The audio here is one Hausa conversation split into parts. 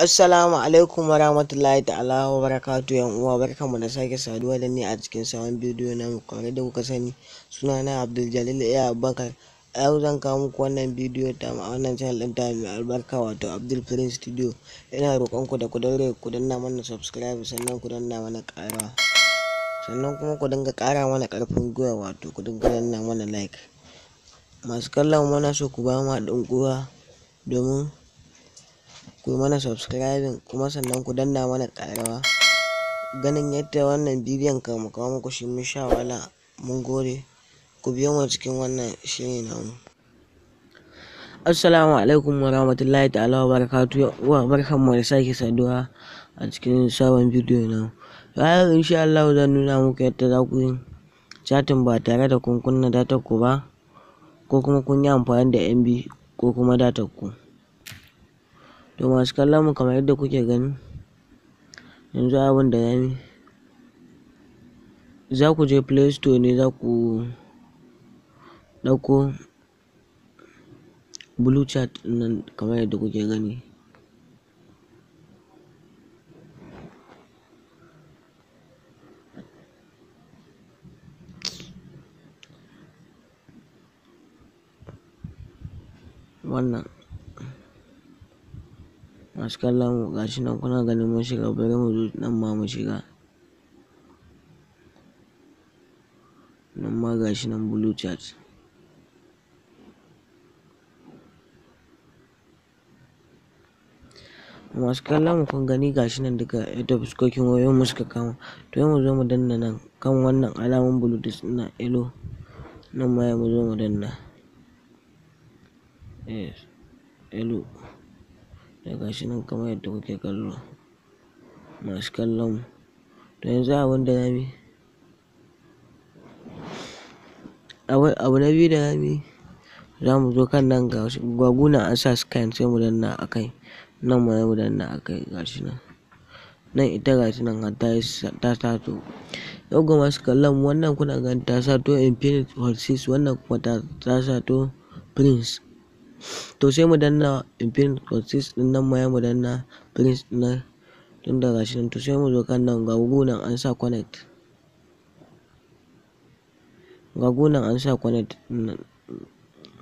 Assalamu alaikum warahmatullahi ta'ala wa barakatu yan uwa mu da sake saduwa da ni a cikin sabon bidiyo na kamar da kuka sani suna na Abdul Jalil ya eh, Abubakar a yau zan kawo muku wannan bidiyo ta a wannan channel din ta mai albarka wato Abdul Prince Studio ina roƙon ku da ku daure ku danna mana subscribe sannan ku danna mana ƙara sannan kuma ku dinga ƙara mana ƙarfin gwiwa wato ku dinga danna mana like masu kallon mana so ku ba mu haɗin gwiwa domin ku yi mana subscribing kuma sannan ku danna mana karawa ganin yadda wannan bidiyon ka mu muku shi mun sha wala mun gode ku biyo mu cikin wannan shiri namu assalamu alaikum wa rahmatullahi ta'ala wa barakatu wa barkan mu da sake saduwa a cikin sabon bidiyo na yau insha Allah zan nuna muku yadda za ku yi chatting ba tare da kun kunna ku ba ko kuma kun yi amfani da MB ko kuma data ku To masu kallon mu kamar yadda kuke gani yanzu abin da zamu za ku je play store ne za ku ɗauko blue chat nan kamar yadda kuke gani. wannan masu kallon mu gashi nan kuna ganin mun shiga bari mu zo nan ma mu shiga nan ma gashi nan blue chat masu kallon mu kun gani gashi nan duka yadda fuskokin wayoyin mu suka kama to yau mu zo mu danna nan kan wannan alamun blue da na yellow nan ma mu zo mu danna yes yellow da gashi nan kamar yadda kuke kallo masu kallon mu to yanzu abin da zamu abu na biyu da zamu za mu zo kan nan ga gwaguna an sa scan sai mu danna a kai nan ma mu danna a kai gashi nan nan ita gashi nan har ta sato yau ga masu kallon wannan kuna ganin ta sato infinite horses wannan kuma ta sato prince to sai mu danna infinite consist din nan ma mu danna prince din nan tun da gashi nan to sai mu zo kan nan ga gunan an sa connect ga gunan an sa connect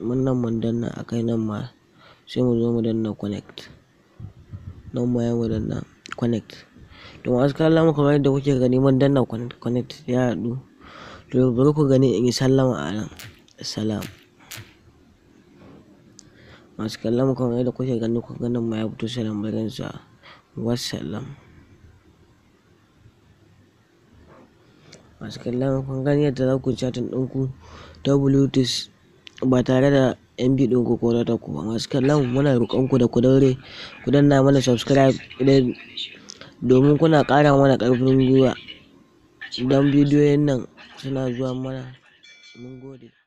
mun nan mun danna akai nan ma sai mu zo mu danna connect nan ma mu danna connect to masu kallon kamar yadda kuke gani mun danna connect ya haɗu to bari ku gani in yi sallama a nan salam masu kallon mu kamar yadda kuke gani ku ganin ma ya fito sai lambarin sa wassalam masu kallon kun gani yadda za ku chatin ta wts ba tare da mb ɗin ku ko da ku ba masu kallon muna roƙon ku da ku daure ku danna mana subscribe idan domin kuna ƙara mana ƙarfin gwiwa don bidiyoyin nan suna zuwa mana mun gode